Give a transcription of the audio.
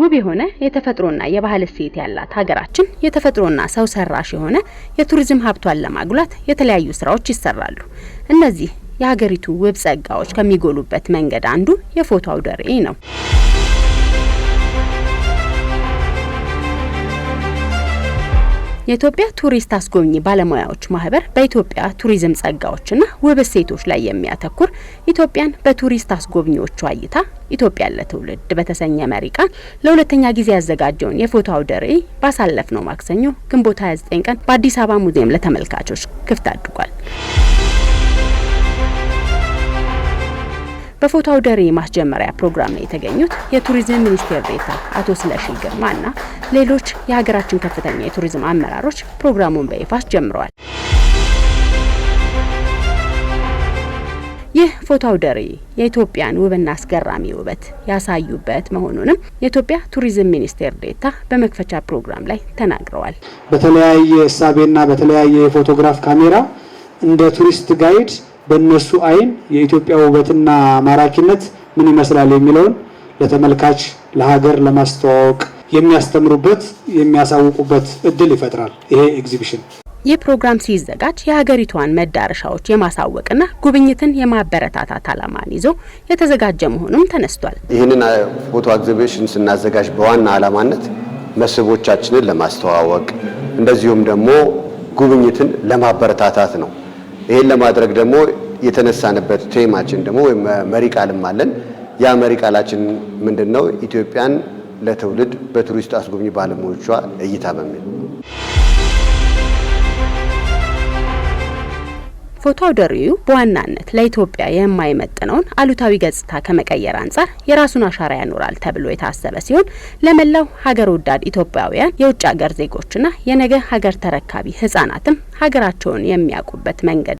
ውብ የሆነ የተፈጥሮና የባህል እሴት ያላት ሀገራችን የተፈጥሮና ሰው ሰራሽ የሆነ የቱሪዝም ሀብቷን ለማጉላት የተለያዩ ስራዎች ይሰራሉ። እነዚህ የሀገሪቱ ውብ ጸጋዎች ከሚጎሉበት መንገድ አንዱ የፎቶ አውደ ርዕይ ነው። የኢትዮጵያ ቱሪስት አስጎብኚ ባለሙያዎች ማህበር በኢትዮጵያ ቱሪዝም ጸጋዎችና ውብ እሴቶች ላይ የሚያተኩር ኢትዮጵያን በቱሪስት አስጎብኚዎቹ እይታ ኢትዮጵያን ለትውልድ በተሰኘ መሪ ቃል ለሁለተኛ ጊዜ ያዘጋጀውን የፎቶ አውደ ርዕይ ባሳለፍነው ማክሰኞ ግንቦት 29 ቀን በአዲስ አበባ ሙዚየም ለተመልካቾች ክፍት አድርጓል። በፎታውደሪ ማስጀመሪያ ፕሮግራም ላይ የተገኙት የቱሪዝም ሚኒስቴር ዴኤታ አቶ ስለሺ ግርማና ሌሎች የሀገራችን ከፍተኛ የቱሪዝም አመራሮች ፕሮግራሙን በይፋ አስጀምረዋል። ይህ ፎታውደሪ የኢትዮጵያን ውብና አስገራሚ ውበት ያሳዩበት መሆኑንም የኢትዮጵያ ቱሪዝም ሚኒስቴር ዴኤታ በመክፈቻ ፕሮግራም ላይ ተናግረዋል። በተለያየ እሳቤና በተለያየ የፎቶግራፍ ካሜራ እንደ ቱሪስት ጋይድ በእነሱ አይን የኢትዮጵያ ውበትና ማራኪነት ምን ይመስላል የሚለውን ለተመልካች ለሀገር ለማስተዋወቅ የሚያስተምሩበት የሚያሳውቁበት እድል ይፈጥራል ይሄ ኤግዚቢሽን። ይህ ፕሮግራም ሲዘጋጅ የሀገሪቷን መዳረሻዎች የማሳወቅና ጉብኝትን የማበረታታት ዓላማን ይዞ የተዘጋጀ መሆኑም ተነስቷል። ይህንን ፎቶ ኤግዚቢሽን ስናዘጋጅ በዋና ዓላማነት መስህቦቻችንን ለማስተዋወቅ እንደዚሁም ደግሞ ጉብኝትን ለማበረታታት ነው። ይህን ለማድረግ ደግሞ የተነሳንበት ቴማችን ደግሞ ወይም መሪ ቃልም አለን። ያ መሪ ቃላችን ምንድን ነው? ኢትዮጵያን ለትውልድ በቱሪስት አስጎብኚ ባለሙያዎቿ እይታ በሚል የፎቶ አውደ ርዕዩ በዋናነት ለኢትዮጵያ የማይመጥነውን አሉታዊ ገጽታ ከመቀየር አንጻር የራሱን አሻራ ያኖራል ተብሎ የታሰበ ሲሆን ለመላው ሀገር ወዳድ ኢትዮጵያውያን የውጭ ሀገር ዜጎችና የነገ ሀገር ተረካቢ ህጻናትም ሀገራቸውን የሚያውቁበት መንገድ